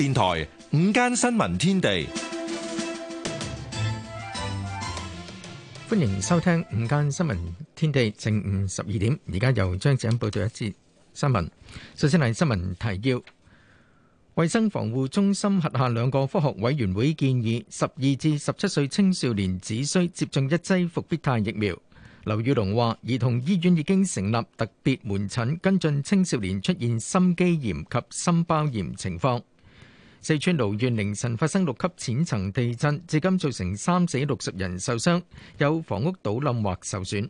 電台午間新聞天地，歡迎收聽午間新聞天地正午十二點。而家由張子欣報道一節新聞。首先係新聞提要：衛生防護中心轄下兩個科學委員會建議，十二至十七歲青少年只需接種一劑復必泰疫苗。劉宇隆話：兒童醫院已經成立特別門診，跟進青少年出現心肌炎及心包炎情況。四川瀘縣凌晨發生六級淺層地震，至今造成三死六十人受傷，有房屋倒冧或受損。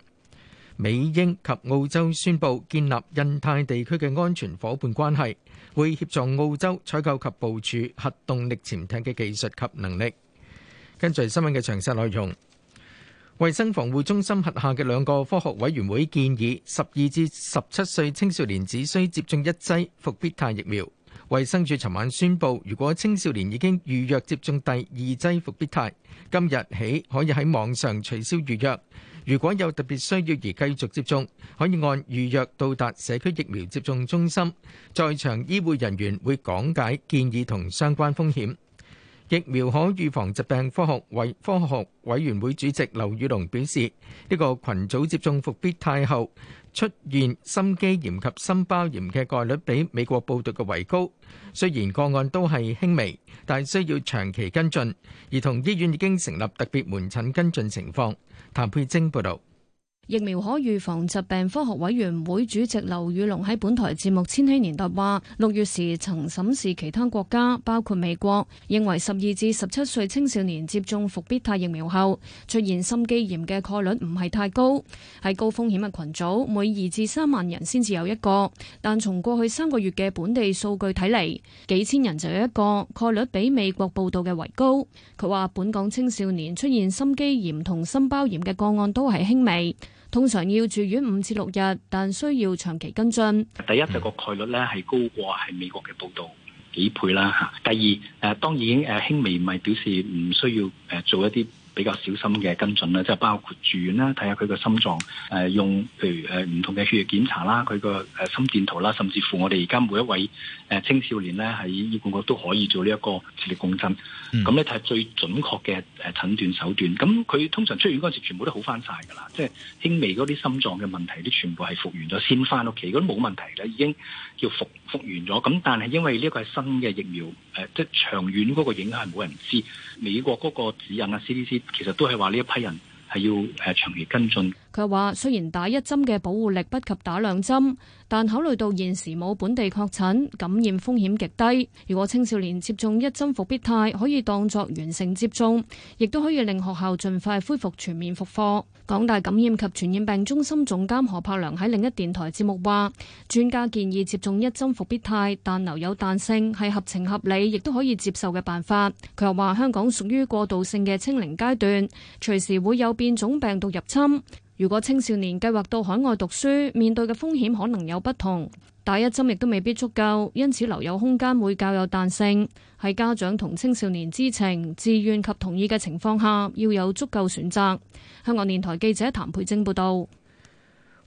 美英及澳洲宣布建立印太地區嘅安全夥伴關係，會協助澳洲採購及部署核動力潛艇嘅技術及能力。跟住係新聞嘅詳細內容。衛生防護中心轄下嘅兩個科學委員會建議，十二至十七歲青少年只需接種一劑復必泰疫苗。衛生署尋晚宣布，如果青少年已經預約接種第二劑復必泰，今日起可以喺網上取消預約。如果有特別需要而繼續接種，可以按預約到達社區疫苗接種中心，在場醫護人員會講解建議同相關風險。疫苗可預防疾病科學委科學委員會主席劉宇隆表示，呢個羣組接種復必泰後，出現心肌炎及心包炎嘅概率比美國報道嘅為高，雖然個案都係輕微，但係需要長期跟進。兒童醫院已經成立特別門診跟進情況。譚佩晶報導。疫苗可預防疾病科學委員會主席劉宇龍喺本台節目千禧年代話：六月時曾審視其他國家，包括美國，認為十二至十七歲青少年接種復必泰疫苗後出現心肌炎嘅概率唔係太高，喺高風險嘅群組每二至三萬人先至有一個。但從過去三個月嘅本地數據睇嚟，幾千人就有一個，概率比美國報道嘅為高。佢話本港青少年出現心肌炎同心包炎嘅個案都係輕微。通常要住院五至六日，但需要長期跟進。第一就個、是、概率咧係高過係美國嘅報道幾倍啦。嚇，第二誒當然誒輕微唔係表示唔需要誒做一啲。比較小心嘅跟進啦，即係包括住院啦，睇下佢個心臟，誒用譬如誒唔、呃、同嘅血液檢查啦，佢個誒心電圖啦，甚至乎我哋而家每一位誒、呃、青少年咧喺醫管局都可以做呢一個磁力共振，咁咧就係最準確嘅誒診斷手段。咁佢通常出院嗰時全部都好翻晒㗎啦，即、就、係、是、輕微嗰啲心臟嘅問題都全部係復原咗先翻屋企，嗰啲冇問題啦，已經要復復原咗。咁但係因為呢個係新嘅疫苗，誒、呃、即係長遠嗰個影響係冇人知。美國嗰個指引啊，CDC。其實都係話呢一批人係要誒長期跟進。佢話雖然打一針嘅保護力不及打兩針。但考慮到現時冇本地確診，感染風險極低。如果青少年接種一針復必泰，可以當作完成接種，亦都可以令學校盡快恢復全面復課。港大感染及傳染病中心總監何柏良喺另一電台節目話，專家建議接種一針復必泰，但留有彈性係合情合理，亦都可以接受嘅辦法。佢又話香港屬於過渡性嘅清零階段，隨時會有變種病毒入侵。如果青少年計劃到海外讀書，面對嘅風險可能有不同，打一針亦都未必足夠，因此留有空間會較有彈性。喺家長同青少年知情、自願及同意嘅情況下，要有足夠選擇。香港電台記者譚培正報導。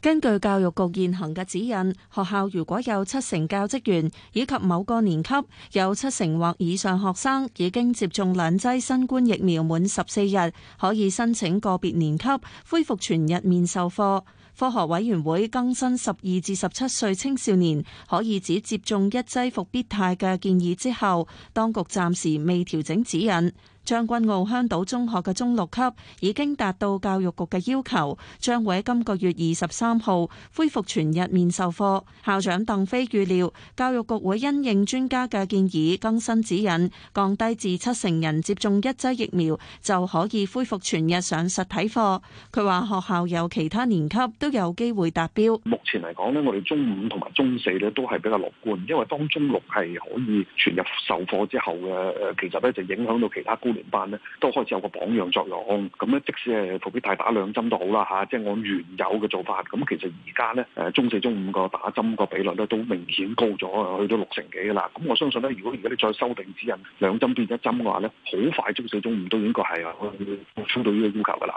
根據教育局現行嘅指引，學校如果有七成教職員以及某個年級有七成或以上學生已經接種兩劑新冠疫苗滿十四日，可以申請個別年級恢復全日面授課。科學委員會更新十二至十七歲青少年可以只接種一劑復必泰嘅建議之後，當局暫時未調整指引。將軍澳香島中學嘅中六級已經達到教育局嘅要求，將會喺今個月二十三號恢復全日面授課。校長鄧飛預料，教育局會因應專家嘅建議更新指引，降低至七成人接種一劑疫苗就可以恢復全日上實體課。佢話學校有其他年級都有機會達標。目前嚟講呢，我哋中五同埋中四呢都係比較樂觀，因為當中六係可以全日授課之後嘅，其實呢就影響到其他高。班咧都開始有個榜樣作用，咁咧即使係復必泰打兩針都好啦嚇，即係按原有嘅做法。咁其實而家呢，誒中四中五個打針個比率咧都明顯高咗，去到六成幾噶啦。咁我相信呢，如果而家你再修訂指引，兩針變一針嘅話呢，好快中四中五都應該係可以滿足到呢個要求噶啦。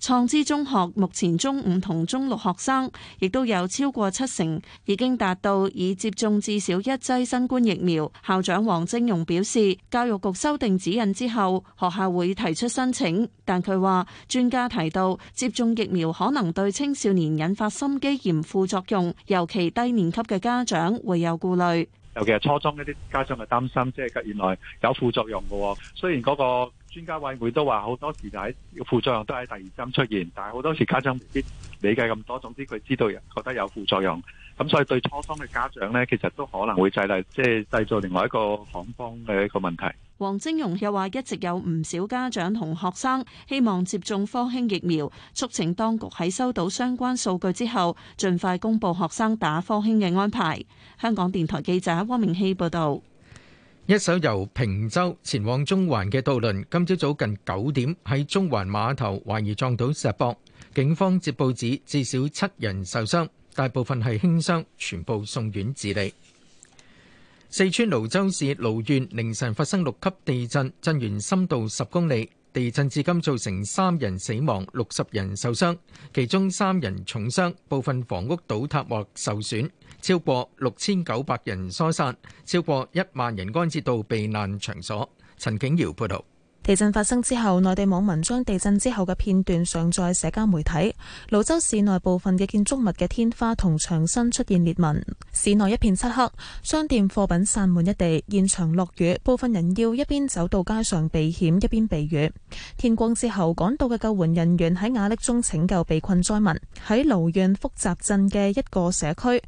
創知中學目前中五同中六學生亦都有超過七成已經達到已接種至少一劑新冠疫苗。校長黃正榮表示，教育局修訂指引之後，學校會提出申請，但佢話專家提到接種疫苗可能對青少年引發心肌炎副作用，尤其低年級嘅家長會有顧慮。尤其係初中一啲家長嘅擔心，即係原來有副作用嘅。雖然嗰個專家委員會都話好多時就喺副作用都喺第二針出現，但係好多時家長未必理解咁多。總之佢知道有，覺得有副作用。咁所以對初中嘅家長呢，其實都可能會製嚟，即係製造另外一個恐慌嘅一個問題。黃晶容又話：一直有唔少家長同學生希望接種科興疫苗，促請當局喺收到相關數據之後，盡快公布學生打科興嘅安排。香港電台記者汪明希報道。一艘由坪洲前往中環嘅渡輪，今朝早近九點喺中環碼頭懷疑撞到石殼，警方接報指至少七人受傷。大部分係輕傷，全部送院治理。四川瀘州市瀘縣凌晨發生六級地震，震源深度十公里。地震至今造成三人死亡，六十人受傷，其中三人重傷，部分房屋倒塌或受損，超過六千九百人疏散，超過一萬人安置到避難場所。陳景堯報道。地震發生之後，內地網民將地震之後嘅片段上載社交媒體。瀘州市內部分嘅建築物嘅天花同牆身出現裂紋，市內一片漆黑，商店貨品散滿一地，現場落雨，部分人要一邊走到街上避險，一邊避雨。天光之後，趕到嘅救援人員喺瓦礫中拯救被困災民，喺瀘縣福澤鎮嘅一個社區，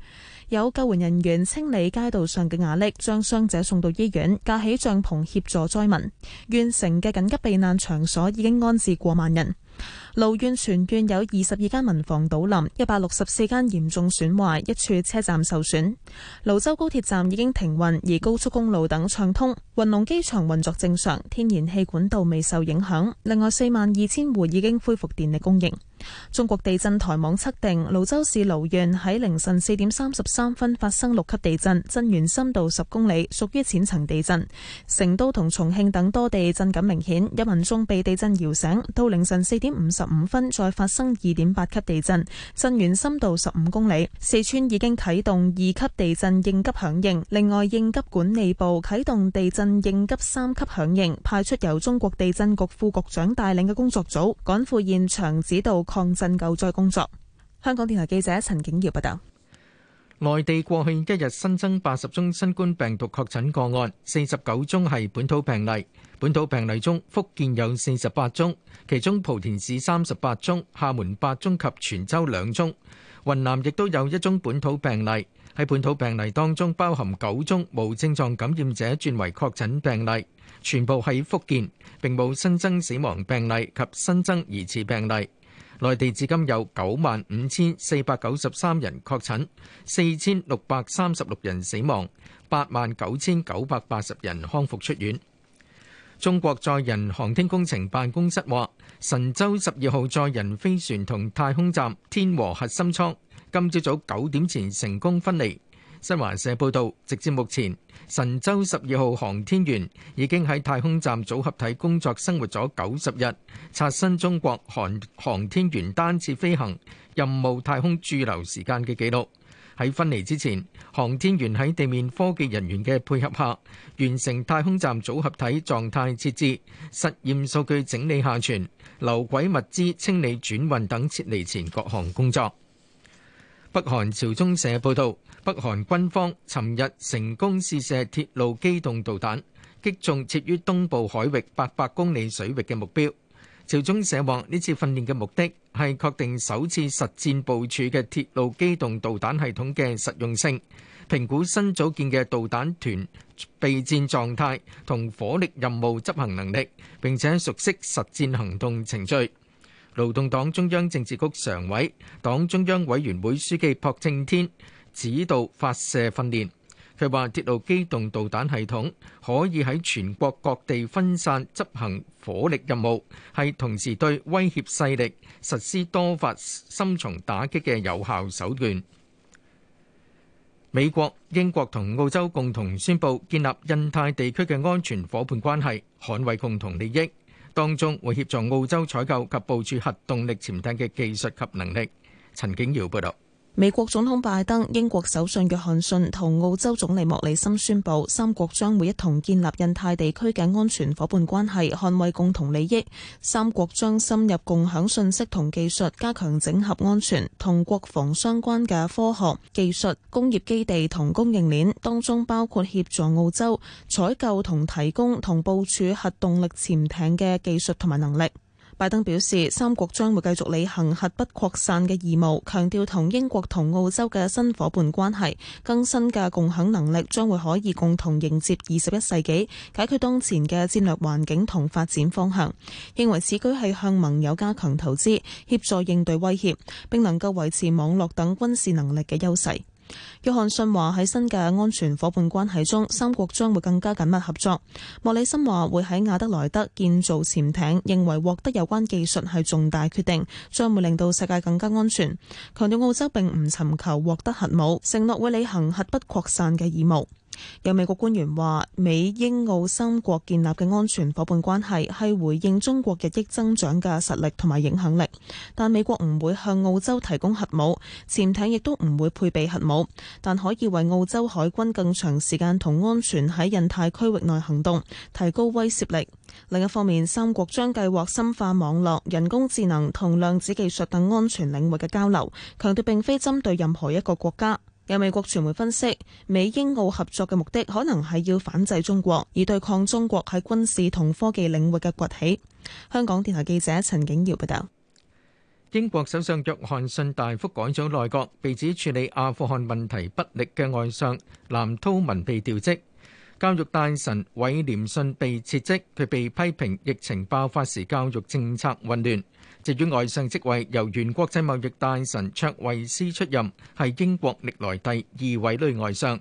有救援人員清理街道上嘅瓦礫，將傷者送到醫院，架起帳篷協助災民。縣城嘅緊急避難場所已經安置過萬人。瀘縣全縣有二十二間民房倒冧，一百六十四間嚴重損壞，一處車站受損。瀘州高鐵站已經停運，而高速公路等暢通。雲龍機場運作正常，天然氣管道未受影響。另外四萬二千戶已經恢復電力供應。中國地震台網測定，瀘州市瀘縣喺凌晨四點三十三分發生六級地震，震源深度十公里，屬於淺層地震。成都同重慶等多地震感明顯，有民眾被地震搖醒。到凌晨四點五十五分，再發生二點八級地震，震源深度十五公里。四川已經啟動二級地震應急響應，另外應急管理部啟動地震應急三級響應，派出由中國地震局副局長帶領嘅工作組趕赴現場指導抗震救災工作。香港電台記者陳景耀報道，內地過去一日新增八十宗新冠病毒確診個案，四十九宗係本土病例。本土病例中，福建有四十八宗，其中莆田市三十八宗，廈門八宗及泉州兩宗。雲南亦都有一宗本土病例。喺本土病例當中，包含九宗無症狀感染者轉為確診病例，全部喺福建，並冇新增死亡病例及新增疑似病例。內地至今有九萬五千四百九十三人確診，四千六百三十六人死亡，八萬九千九百八十人康復出院。中國載人航天工程辦公室話，神舟十二號載人飛船同太空站天和核心艙今朝早九點前成功分離。新華社報導，直至目前，神舟十二號航天員已經喺太空站組合體工作生活咗九十日，刷新中國航航天員單次飛行任務太空駐留時間嘅紀錄。喺分離之前，航天員喺地面科技人員嘅配合下，完成太空站組合體狀態設置、實驗數據整理下傳、留軌物資清理轉運等撤離前各項工作。北韓朝中社報導。北韓軍方尋日成功試射鐵路機動導彈，擊中設於東部海域八百公里水域嘅目標。朝中社話：呢次訓練嘅目的係確定首次實戰部署嘅鐵路機動導彈系統嘅實用性，評估新組建嘅導彈團備戰狀態同火力任務執行能力，並且熟悉實戰行動程序。勞動黨中央政治局常委、黨中央委員會書記朴正天。指導發射訓練。佢話：鐵路機動導彈系統可以喺全國各地分散執行火力任務，係同時對威脅勢力實施多發深重打擊嘅有效手段。美國、英國同澳洲共同宣布建立印太地區嘅安全夥伴關係，捍衞共同利益，當中會協助澳洲採購及部署核動力潛艇嘅技術及能力。陳景耀報道。美國總統拜登、英國首相約翰遜同澳洲總理莫里森宣布，三國將會一同建立印太地區嘅安全夥伴關係，捍衛共同利益。三國將深入共享信息同技術，加強整合安全同國防相關嘅科學、技術、工業基地同供應鏈，當中包括協助澳洲採購同提供同部署核動力潛艇嘅技術同埋能力。拜登表示，三國將會繼續履行核不擴散嘅義務，強調同英國同澳洲嘅新夥伴關係更新嘅共享能力將會可以共同迎接二十一世紀，解決當前嘅戰略環境同發展方向。認為此舉係向盟友加強投資，協助應對威脅，並能夠維持網絡等軍事能力嘅優勢。約翰遜話喺新嘅安全伙伴關係中，三國將會更加緊密合作。莫里森話會喺亞德萊德建造潛艇，認為獲得有關技術係重大決定，將會令到世界更加安全。強調澳洲並唔尋求獲得核武，承諾會履行核不擴散嘅義務。有美國官員話，美英澳三國建立嘅安全伙伴關係係回應中國日益增長嘅實力同埋影響力，但美國唔會向澳洲提供核武，潛艇亦都唔會配備核武，但可以為澳洲海軍更長時間同安全喺印太區域內行動，提高威懾力。另一方面，三國將計劃深化網絡、人工智能同量子技術等安全領域嘅交流，強調並非針對任何一個國家。有美國傳媒分析，美英澳合作嘅目的可能係要反制中國，以對抗中國喺軍事同科技領域嘅崛起。香港電台記者陳景耀報道。英國首相約翰遜大幅改組內閣，被指處理阿富汗問題不力嘅外相藍韜文被調職，教育大臣韋廉信被撤職，佢被批評疫情爆發時教育政策混亂。至於外相職位由原國際貿易大臣卓慧斯出任，係英國歷來第二位女外相。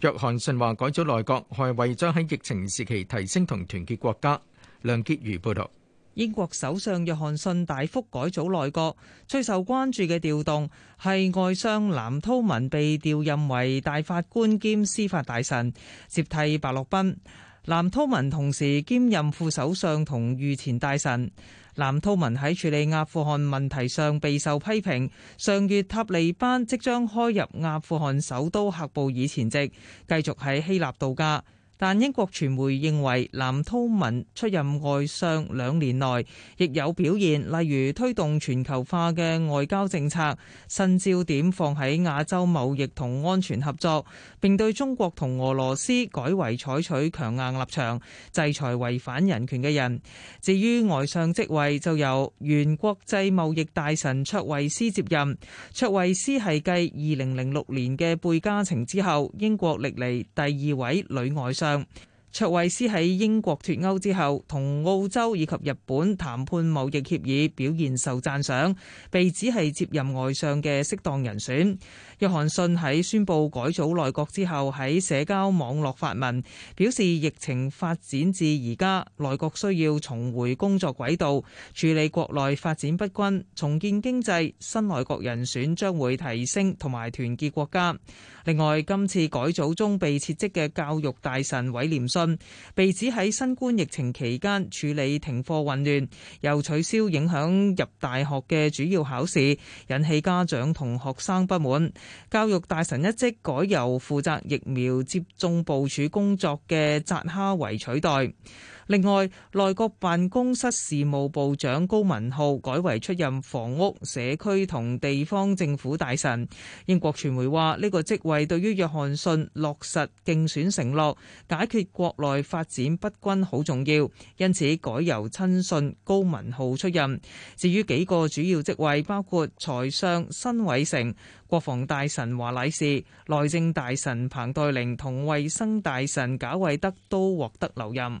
約翰遜話改組內閣係為咗喺疫情時期提升同團結國家。梁潔如報道，英國首相約翰遜大幅改組內閣，最受關注嘅調動係外相藍韜文被調任為大法官兼司法大臣，接替白洛賓。藍韜文同時兼任副首相同御前大臣。藍韜文喺處理阿富汗問題上備受批評。上月塔利班即將開入阿富汗首都喀布爾前夕，繼續喺希臘度假。但英國傳媒認為，藍韜文出任外相兩年內亦有表現，例如推動全球化嘅外交政策，新焦點放喺亞洲貿易同安全合作，並對中國同俄羅斯改為採取強硬立場，制裁違反人權嘅人。至於外相職位就由原國際貿易大臣卓慧斯接任，卓慧斯係繼二零零六年嘅貝嘉晴之後，英國歷嚟第二位女外相。卓慧斯喺英國脫歐之後，同澳洲以及日本談判貿易協議，表現受讚賞，被指係接任外相嘅適當人選。約翰遜喺宣布改組內閣之後，喺社交網絡發文表示疫情發展至而家，內閣需要重回工作軌道，處理國內發展不均，重建經濟。新內閣人選將會提升同埋團結國家。另外，今次改組中被撤職嘅教育大臣韋廉遜，被指喺新冠疫情期間處理停課混亂，又取消影響入大學嘅主要考試，引起家長同學生不滿。教育大臣一職改由負責疫苗接種部署工作嘅扎哈維取代。另外，內閣辦公室事務部長高文浩改為出任房屋、社區同地方政府大臣。英國傳媒話，呢個職位對於約翰遜落實競選承諾解決國內發展不均好重要，因此改由親信高文浩出任。至於幾個主要職位，包括財相辛偉成、國防大臣華禮士、內政大臣彭黛玲同衛生大臣賈偉德，都獲得留任。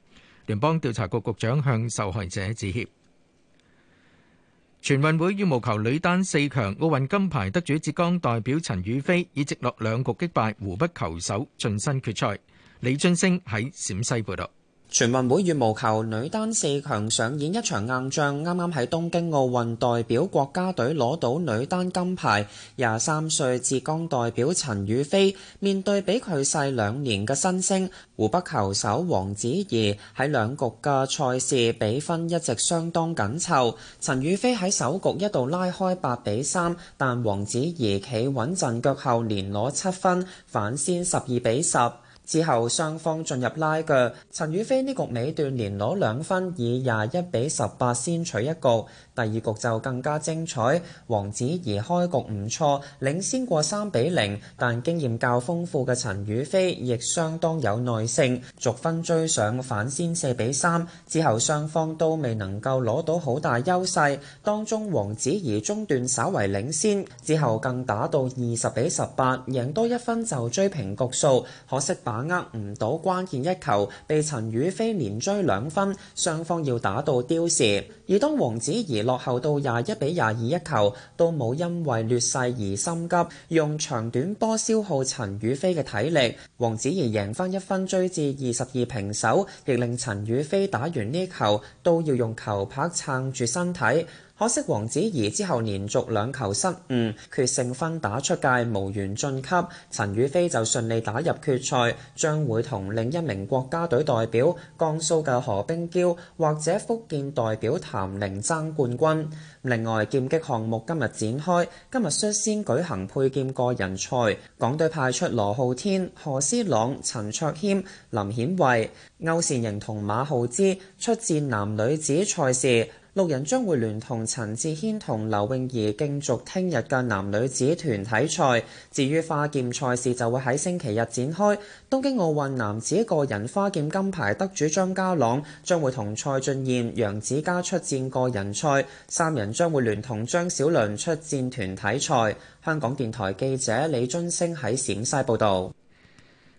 聯邦調查局局長向受害者致歉。全運會羽毛球女單四強、奧運金牌得主浙江代表陳雨菲以直落兩局擊敗湖北球手，晉身決賽。李俊升喺陝西報導。全運會羽毛球女單四強上演一場硬仗，啱啱喺東京奧運代表國家隊攞到女單金牌，廿三歲浙江代表陳雨菲面對比佢細兩年嘅新星湖北球手王祉怡，喺兩局嘅賽事比分一直相當緊湊。陳雨菲喺首局一度拉開八比三，但王祉怡企穩陣腳後連攞七分反先十二比十。之後雙方進入拉鋸，陳雨菲呢局尾段連攞兩分，以廿一比十八先取一局。第二局就更加精彩，王子怡開局唔錯，領先過三比零，但經驗較豐富嘅陳雨菲亦相當有耐性，逐分追上反先四比三。之後雙方都未能夠攞到好大優勢，當中王子怡中段稍為領先，之後更打到二十比十八，贏多一分就追平局數，可惜把握唔到關鍵一球，被陳雨菲連追兩分，雙方要打到刁時。而當王子怡落後到廿一比廿二一球，都冇因為劣勢而心急，用長短波消耗陳雨菲嘅體力。王子怡贏翻一分，追至二十二平手，亦令陳雨菲打完呢球都要用球拍撐住身體。可惜王子怡之後連續兩球失誤，決勝分打出界，無緣晉級。陳雨菲就順利打入決賽，將會同另一名國家隊代表江蘇嘅何冰嬌或者福建代表譚玲爭冠軍。另外劍擊項目今日展開，今日率先舉行佩劍個人賽，港隊派出羅浩天、何思朗、陳卓謙、林顯慧、歐善瑩同馬浩之出戰男女子賽事。六人將會聯同陳志恆同劉泳儀競逐聽日嘅男女子團體賽，至於花劍賽事就會喺星期日展開。東京奧運男子個人花劍金牌得主張家朗將會同蔡俊彥、楊子嘉出戰個人賽，三人將會聯同張小倫出戰團體賽。香港電台記者李津星喺陝西報道。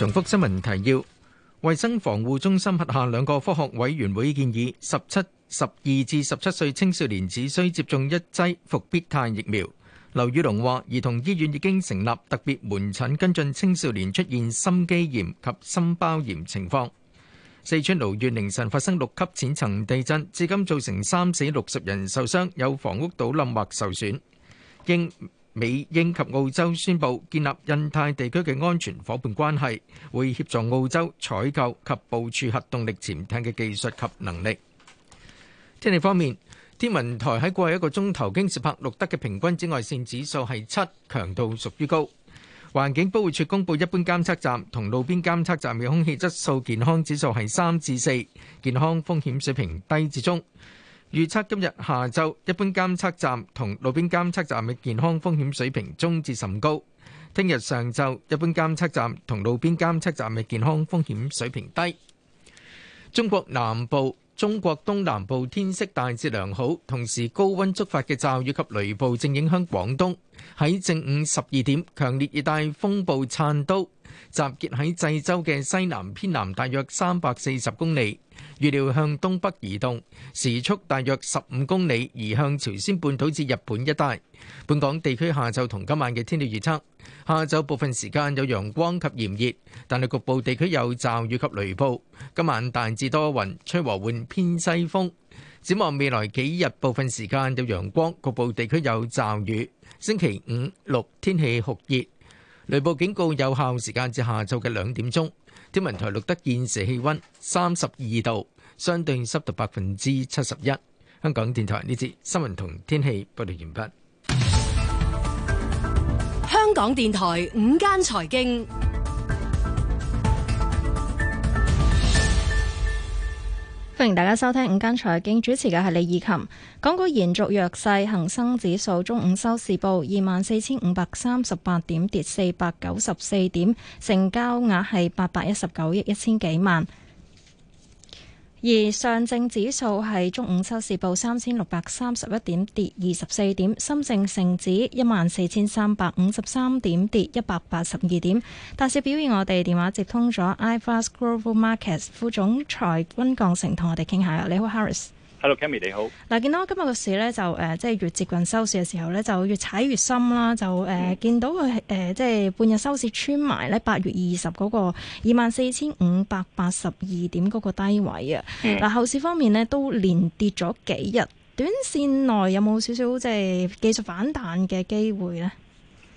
重複新聞提要：衛生防護中心轄下兩個科學委員會建議，十七十二至十七歲青少年只需接種一劑復必泰疫苗。劉宇龍話：兒童醫院已經成立特別門診跟進青少年出現心肌炎及心包炎情況。四川瀘縣凌晨發生六級淺層地震，至今造成三死六十人受傷，有房屋倒冧或受損。應美英及澳洲宣布建立印太地區嘅安全夥伴關係，會協助澳洲採購及部署核動力潛艇嘅技術及能力。天氣方面，天文台喺過去一個鐘頭京士柏錄得嘅平均紫外線指數係七，強度屬於高。環境保護署公布，一般監測站同路邊監測站嘅空氣質素健康指數係三至四，健康風險水平低至中。預測今日下晝一般監測站同路邊監測站嘅健康風險水平中至甚高。聽日上晝一般監測站同路邊監測站嘅健康風險水平低。中國南部、中國東南部天色大致良好，同時高溫觸發嘅驟雨及雷暴正影響廣東。喺正午十二點，強烈熱帶風暴燦都集結喺濟州嘅西南偏南，大約三百四十公里，預料向東北移動，時速大約十五公里移，移向朝鮮半島至日本一帶。本港地區下晝同今晚嘅天氣預測：下晝部分時間有陽光及炎熱，但係局部地區有驟雨及雷暴。今晚大致多雲，吹和緩偏西風。展望未來幾日，部分時間有陽光，局部地區有驟雨。星期五六天氣酷熱。雷暴警告有效時間至下晝嘅兩點鐘。天文台錄得現時氣溫三十二度，相對濕度百分之七十一。香港電台呢節新聞同天氣報道完畢。香港電台午間財經。歡迎大家收聽午間財經，主持嘅係李綺琴。港股延續弱勢，恒生指數中午收市報二萬四千五百三十八點，跌四百九十四點，成交額係八百一十九億一千幾萬。而上證指數係中午收市報三千六百三十一點，跌二十四點；深證成指一萬四千三百五十三點，跌一百八十二點。大市表現我，我哋電話接通咗 iFast Growth Markets 副總裁温鋼成，同我哋傾下。你好，Harris。Hello，Cammy 你好。嗱，見到今日個市咧，就誒，即係越接近收市嘅時候咧，就越踩越深啦。就誒，見到佢誒，即係半日收市穿埋咧，八月二十嗰個二萬四千五百八十二點嗰個低位啊。嗱、嗯，後市方面呢，都連跌咗幾日，短線內有冇少少即係技術反彈嘅機會咧？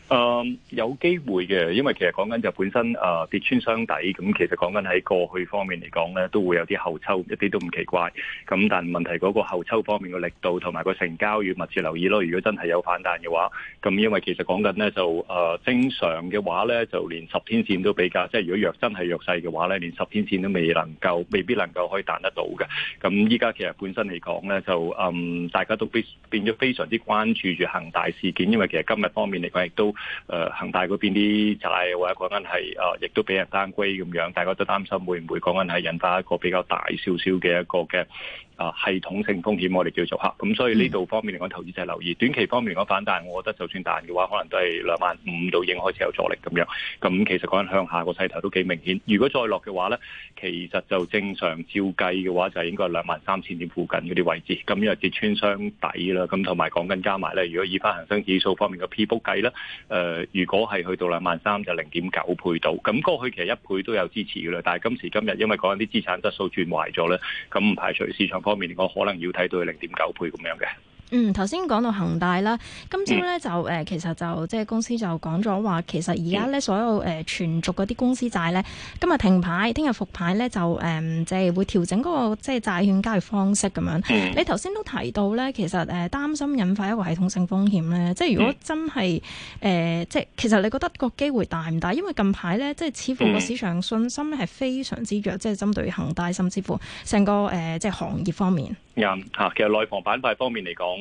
誒、uh, 有機會嘅，因為其實講緊就本身誒、uh, 跌穿箱底，咁其實講緊喺過去方面嚟講咧，都會有啲後抽，一啲都唔奇怪。咁但係問題嗰個後抽方面嘅力度同埋個成交要密切留意咯。如果真係有反彈嘅話，咁因為其實講緊咧就誒正常嘅話咧，就連十天線都比較，即係如果弱真係弱勢嘅話咧，連十天線都未能夠，未必能夠可以彈得到嘅。咁依家其實本身嚟講咧，就誒、um, 大家都變變咗非常之關注住恒大事件，因為其實今日方面嚟講亦都。誒、呃，恒大嗰邊啲債或者講緊係誒，亦都俾人單歸咁樣。大家都擔心會唔會講緊係引發一個比較大少少嘅一個嘅。啊，系統性風險我哋叫做嚇，咁所以呢度方面嚟講，投資者留意短期方面嚟講反彈，我覺得就算彈嘅話，可能都係兩萬五度已經開始有阻力咁樣。咁其實講緊向下個勢頭都幾明顯。如果再落嘅話咧，其實就正常照計嘅話，就係應該係兩萬三千點附近嗰啲位置，咁又跌穿箱底啦。咁同埋講緊加埋咧，如果以翻恒生指數方面嘅 P/B 計咧，誒，如果係去到兩萬三就零點九倍到。咁過去其實一倍都有支持嘅啦。但係今時今日因為講緊啲資產質素轉壞咗咧，咁唔排除市場方面，我可能要睇到零點九倍咁樣嘅。嗯，頭先講到恒大啦，今朝咧就誒、嗯、其實就即係、就是、公司就講咗話，其實而家咧所有誒、呃、全族嗰啲公司債咧，今日停牌，聽日復牌咧就誒即係會調整嗰、那個即係、就是、債券交易方式咁樣。嗯、你頭先都提到咧，其實誒擔心引發一個系統性風險咧，即係如果真係誒、嗯呃、即係其實你覺得個機會大唔大？因為近排咧即係似乎個市場信心咧係非常之弱，即係、嗯、針對恒大，甚至乎成個誒即係行業方面。啱嚇，其實內房板塊方面嚟講。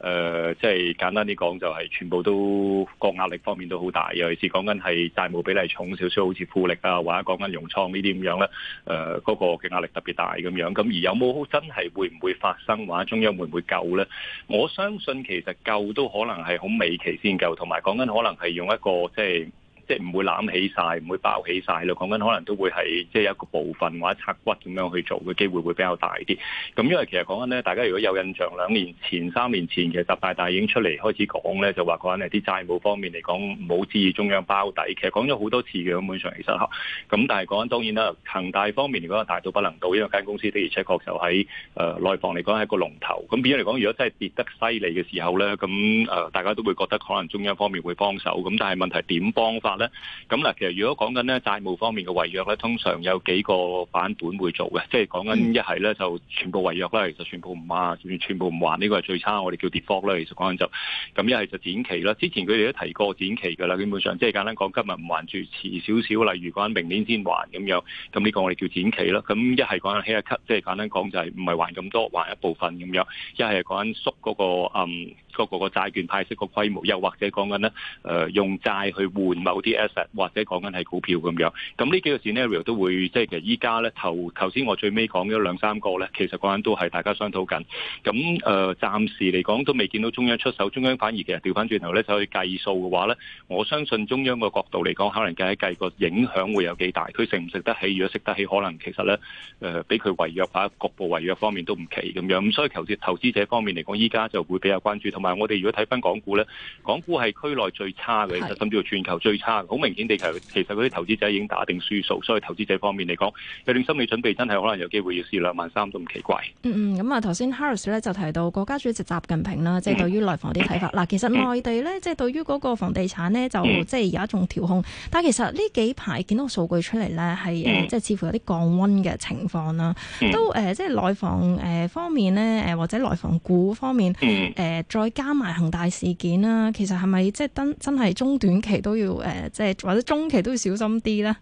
誒，即係簡單啲講，就係全部都個壓力方面都好大，尤其是講緊係債務比例重少少，好似富力啊，或者講緊融創呢啲咁樣咧，誒，嗰個嘅壓力特別大咁樣。咁而有冇真係會唔會發生？或者中央會唔會救咧？我相信其實救都可能係好尾期先救，同埋講緊可能係用一個即係。即係唔會攬起晒，唔會爆起晒咯。講緊可能都會係即係一個部分或者拆骨咁樣去做嘅機會會比較大啲。咁因為其實講緊咧，大家如果有印象，兩年前、三年前其實習大大已經出嚟開始講咧，就話講緊係啲債務方面嚟講冇至於中央包底。其實講咗好多次，嘅，根本上其實嚇。咁但係講緊當然啦，恒大方面嚟講，大到不能倒，因為間公司的而且確就喺誒內房嚟講係一個龍頭。咁變咗嚟講，如果真係跌得犀利嘅時候咧，咁誒大家都會覺得可能中央方面會幫手。咁但係問題點幫法？咁嗱，其實如果講緊咧債務方面嘅違約咧，通常有幾個版本會做嘅，即係講緊一係咧就全部違約啦，其實全部唔還，全部唔還呢個係最差，我哋叫跌幅啦。其實講緊就咁一係就展期啦。之前佢哋都提過展期㗎啦，基本上即係簡單講，今日唔還住遲少少例如講緊明年先還咁樣，咁呢個我哋叫展期啦。咁一係講緊起一級，即係簡單講就係唔係還咁多，還一部分咁樣。一係講緊縮嗰個嗯。個個個債券派息個規模，又或者講緊咧，誒、呃、用債去換某啲 asset，或者講緊係股票咁樣。咁呢幾個 scenario 都會即係其實依家咧，頭頭先我最尾講咗兩三個咧，其實講緊都係大家商討緊。咁誒、呃，暫時嚟講都未見到中央出手，中央反而其實調翻轉頭咧，就去計數嘅話咧，我相信中央個角度嚟講，可能計一計個影響會有幾大。佢食唔食得起？如果食得起，可能其實咧誒，俾、呃、佢違約或者局部違約方面都唔奇咁樣。咁所以求住投資者方面嚟講，依家就會比較關注同但，我哋如果睇翻港股咧，港股係區內最差嘅，甚至乎全球最差。好明顯地，其實其實嗰啲投資者已經打定輸數，所以投資者方面嚟講，有定心理準備，真係可能有機會要試兩萬三都唔奇怪。嗯嗯，咁、嗯、啊，頭、嗯、先 Harris 咧就提到國家主席習近平啦，即、就、係、是、對於內房啲睇法。嗱、嗯，其實內地咧，即、就、係、是、對於嗰個房地產咧，就即係、嗯、有一種調控。但係其實呢幾排見到數據出嚟咧，係即係似乎有啲降溫嘅情況啦。嗯嗯、都誒，即、呃、係、就是、內房誒方面咧，誒或者內房股方面誒、呃嗯、再。加埋恒大事件啦，其實係咪即係真真係中短期都要誒，即、呃、係或者中期都要小心啲呢？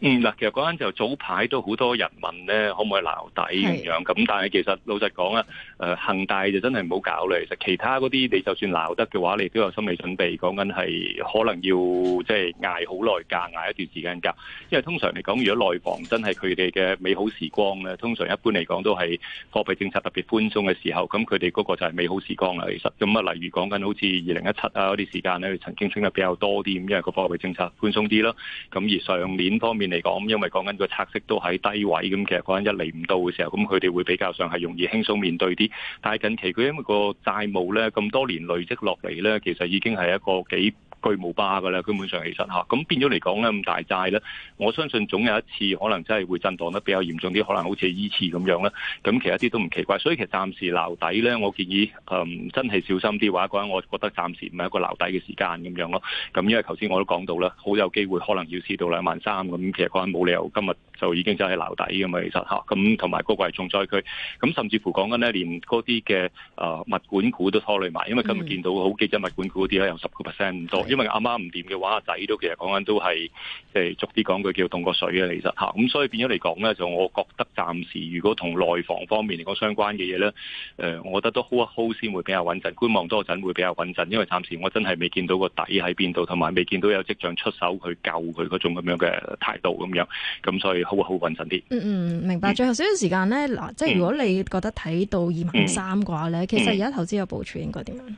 嗯，嗱，其實講緊就早排都好多人問咧，可唔可以撈底咁是樣？咁但係其實老實講啊，誒、呃、恒大就真係唔好搞啦。其實其他嗰啲你就算撈得嘅話，你都有心理準備。講緊係可能要即係捱好耐，㗎，捱一段時間㗎。因為通常嚟講，如果內房真係佢哋嘅美好時光咧，通常一般嚟講都係貨幣政策特別寬鬆嘅時候，咁佢哋嗰個就係美好時光啦。其實咁啊，例如講緊好似二零一七啊嗰啲時間咧，佢曾經升得比較多啲，咁因為個貨幣政策寬鬆啲囉。咁而上年方面，嚟講，因為講緊個拆息都喺低位咁，其實講緊一厘唔到嘅時候，咁佢哋會比較上係容易輕鬆面對啲。但係近期佢因為個債務咧咁多年累積落嚟咧，其實已經係一個幾。巨無霸㗎啦，根本上其實嚇，咁變咗嚟講咧，咁大債咧，我相信總有一次可能真係會震盪得比較嚴重啲，可能好似依次咁樣啦。咁其他啲都唔奇怪，所以其實暫時留底咧，我建議誒、嗯、真係小心啲話，嗰陣我覺得暫時唔係一個留底嘅時間咁樣咯。咁因為頭先我都講到啦，好有機會可能要試到兩萬三咁，其實講緊冇理由今日。就已經就係撈底咁嘛。其實嚇，咁同埋嗰個係重災區，咁、啊、甚至乎講緊咧，連嗰啲嘅誒物管股都拖累埋，因為今日見到好幾隻物管股嗰啲咧有十個 percent 唔多，嗯、因為阿媽唔掂嘅話，阿仔都其實講緊都係即係逐啲講句叫凍過水啊！其實嚇，咁所以變咗嚟講咧，就我覺得暫時如果同內房方面嚟講相關嘅嘢咧，誒、呃，我覺得都 hold 一 hold 先會比較穩陣，觀望多陣會比較穩陣，因為暫時我真係未見到個底喺邊度，同埋未見到有跡象出手去救佢嗰種咁樣嘅態度咁樣，咁所以。好好穩陣啲。嗯嗯，明白。最後少少時間咧，嗱、嗯，即係如果你覺得睇到二萬三嘅話咧，嗯、其實而家投資有部署應該點樣？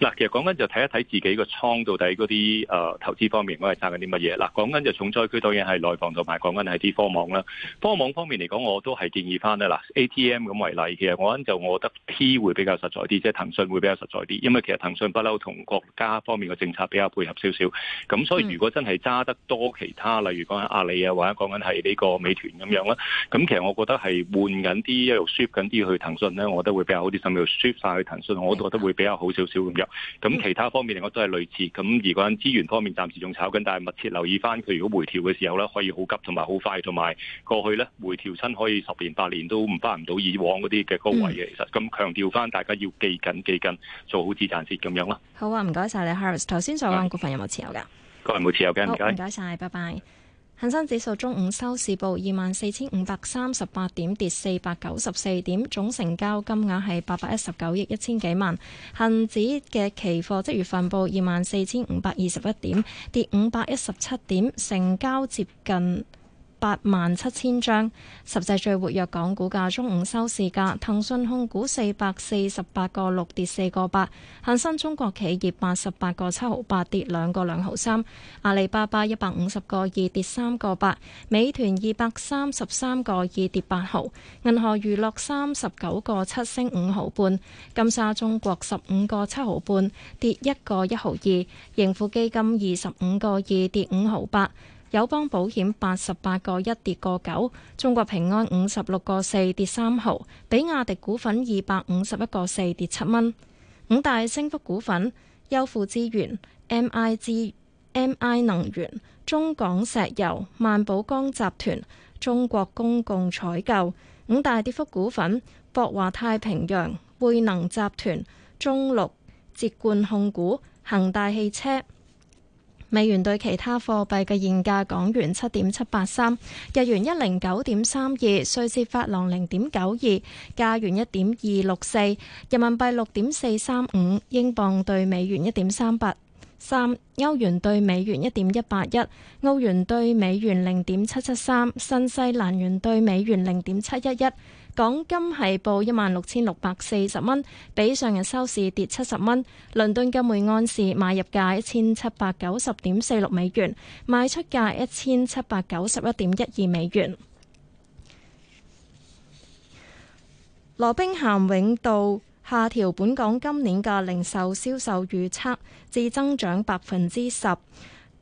嗱，其實講緊就睇一睇自己個倉到底嗰啲誒投資方面我，我係揸緊啲乜嘢？嗱，講緊就重災區當然係內房同埋講緊係啲科網啦。科網方面嚟講，我都係建議翻咧。嗱，A T M 咁為例，其實我啱就我覺得 P 會比較實在啲，即係騰訊會比較實在啲，因為其實騰訊不嬲同國家方面嘅政策比較配合少少。咁所以如果真係揸得多其他，例如講緊阿里啊，或者講緊係呢個美團咁樣啦，咁其實我覺得係換緊啲一路 shift 緊啲去騰訊咧，我覺得會比較好啲，甚至乎 shift 曬去騰訊，我都覺得會比較好少少咁。咁、嗯、其他方面嚟我都係類似，咁如果喺資源方面暫時仲炒緊，但係密切留意翻佢，如果回調嘅時候咧，可以好急同埋好快，同埋過去咧，回調親可以十年八年都唔翻唔到以往嗰啲嘅高位嘅，嗯、其實咁強調翻大家要記緊記緊做好止賺咁樣啦。好啊，唔該晒你，Harris。頭先所講股份有冇持有噶？各位冇持有嘅，唔該。唔該晒，拜拜。恒生指數中午收市報二萬四千五百三十八點，跌四百九十四點，總成交金額係八百一十九億一千幾萬。恒指嘅期貨即月份報二萬四千五百二十一點，跌五百一十七點，成交接近。八萬七千張，實際最活躍港股價中午收市價，騰訊控股四百四十八個六跌四個八，恆生中國企業八十八個七毫八跌兩個兩毫三，阿里巴巴一百五十個二跌三個八，美團二百三十三個二跌八毫，銀河娛樂三十九個七升五毫半，金沙中國十五個七毫半跌一個一毫二，盈富基金二十五個二跌五毫八。友邦保險八十八個一跌個九，中國平安五十六個四跌三毫，比亞迪股份二百五十一個四跌七蚊。五大升幅股份：優富資源、M I 資 M I 能源、中港石油、萬寶鋼集團、中國公共採購。五大跌幅股份：博華太平洋、匯能集團、中綠、捷冠控股、恒大汽車。美元兌其他貨幣嘅現價：港元七點七八三，日元一零九點三二，瑞士法郎零點九二，加元一點二六四，人民幣六點四三五，英鎊對美元一點三八三，歐元對美元一點一八一，澳元對美元零點七七三，新西蘭元對美元零點七一一。港金係報一萬六千六百四十蚊，比上日收市跌七十蚊。倫敦嘅每安士買入價一千七百九十點四六美元，賣出價一千七百九十一點一二美元。羅兵咸永道下調本港今年嘅零售銷售預測至增長百分之十。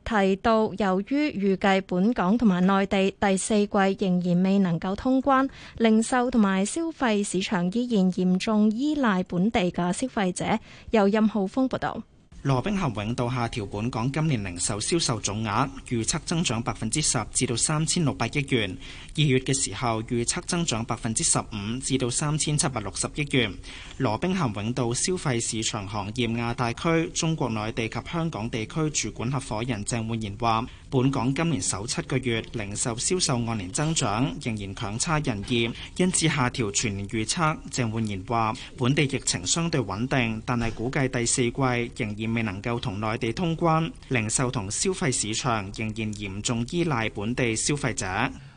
提到，由於預計本港同埋內地第四季仍然未能夠通關，零售同埋消費市場依然嚴重依賴本地嘅消費者。由任浩峰報道。羅兵咸永道下調本港今年零售銷售總額預測增長百分之十至到三千六百億元，二月嘅時候預測增長百分之十五至到三千七百六十億元。羅兵咸永道消費市場行業亞太區中國內地及香港地區主管合夥人鄭煥然話：本港今年首七個月零售銷售按年增長仍然強差人意，因此下調全年預測。鄭煥然話：本地疫情相對穩定，但係估計第四季仍然未能夠同內地通關，零售同消費市場仍然嚴重依賴本地消費者。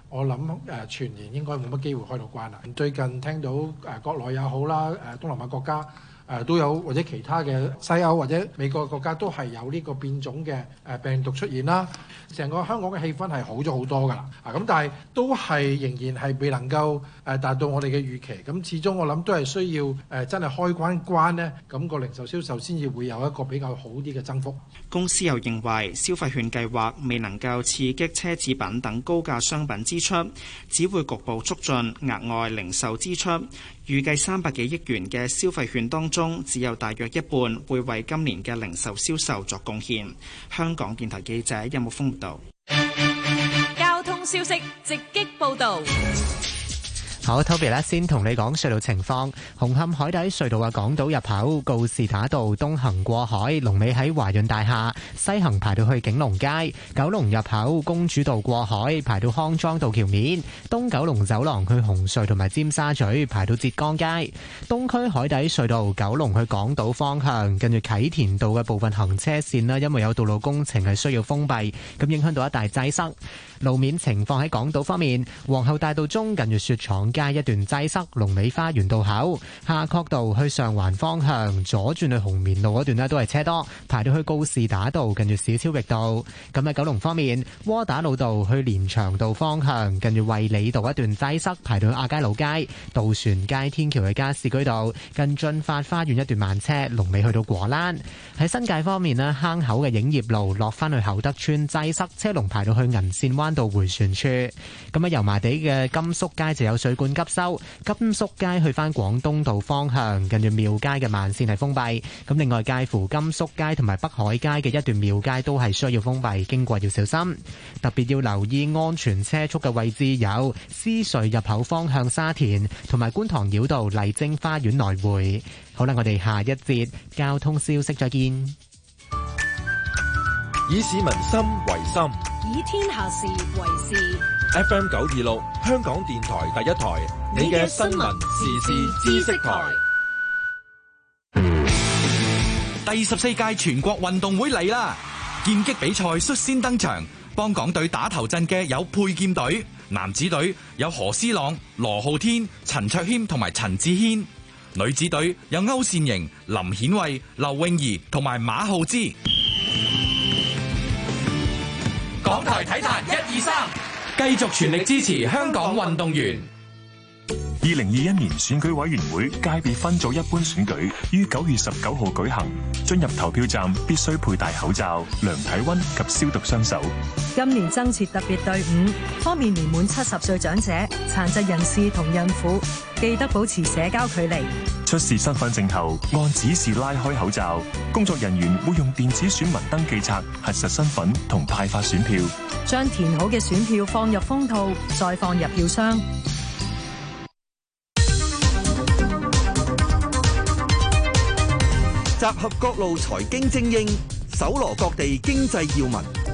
我諗誒全年應該冇乜機會開到關啦。最近聽到誒國內也好啦，誒東南亞國家。誒都有或者其他嘅西歐或者美國國家都係有呢個變種嘅誒病毒出現啦，成個香港嘅氣氛係好咗好多噶啦。啊，咁但係都係仍然係未能夠誒達到我哋嘅預期。咁始終我諗都係需要誒真係開關關咧，咁個零售銷售先至會有一個比較好啲嘅增幅。公司又認為消費券計劃未能夠刺激奢侈品等高價商品支出，只會局部促進額外零售支出。預計三百幾億元嘅消費券當中，只有大約一半會為今年嘅零售銷售作貢獻。香港電台記者任木風報道。交通消息直擊報導。好，Toby 咧先同你講隧道情況。紅磡海底隧道嘅港島入口告士打道東行過海，龍尾喺華潤大廈；西行排到去景隆街，九龍入口公主道過海，排到康莊道橋面。東九龍走廊去紅隧同埋尖沙咀，排到浙江街。東區海底隧道九龍去港島方向，近住啟田道嘅部分行車線啦，因為有道路工程係需要封閉，咁影響到一大擠塞。路面情況喺港島方面，皇后大道中近住雪廠街一段擠塞，塞，龍尾花園道口、夏慤道去上環方向左轉去紅棉路嗰段咧都係車多，排到去告士打道近住史釗域道。咁喺九龍方面，窩打老道去連翔道方向近住衛理道一段擠塞，塞，排到去亞皆老街、渡船街天橋嘅加士居道，近駿發花園一段慢車，龍尾去到果欄。喺新界方面咧，坑口嘅影業路落翻去厚德邨擠塞，塞，車龍排到去銀線灣。道回旋處，咁喺油麻地嘅甘肅街就有水管急修，甘肅街去返廣東道方向，近住廟街嘅慢綫係封閉。咁另外介乎甘肅街同埋北海街嘅一段廟街都係需要封閉，經過要小心，特別要留意安全車速嘅位置有獅隧入口方向沙田同埋觀塘繞道麗晶花園來回。好啦，我哋下一節交通消息再見。以市民心為心。以天下事為事。FM 九二六，香港電台第一台，你嘅新聞時事知識台。第十四屆全國運動會嚟啦！劍擊比賽率先登場，幫港隊打頭陣嘅有佩劍隊，男子隊有何思朗、羅浩天、陳卓謙同埋陳志謙，女子隊有歐倩瑩、林顯慧、劉詠儀同埋馬浩之。港台體壇一二三，繼續全力支持香港運動員。二零二一年選舉委員會界別分組一般選舉於九月十九號舉行。進入投票站必須佩戴口罩、量體溫及消毒雙手。今年增設特別隊伍，方便年滿七十歲長者、殘疾人士同孕婦。記得保持社交距離。出示身份證後，按指示拉開口罩。工作人員會用電子選民登記冊核實身份同派發選票。將填好嘅選票放入封套，再放入票箱。集合各路財經精英，搜羅各地經濟要聞。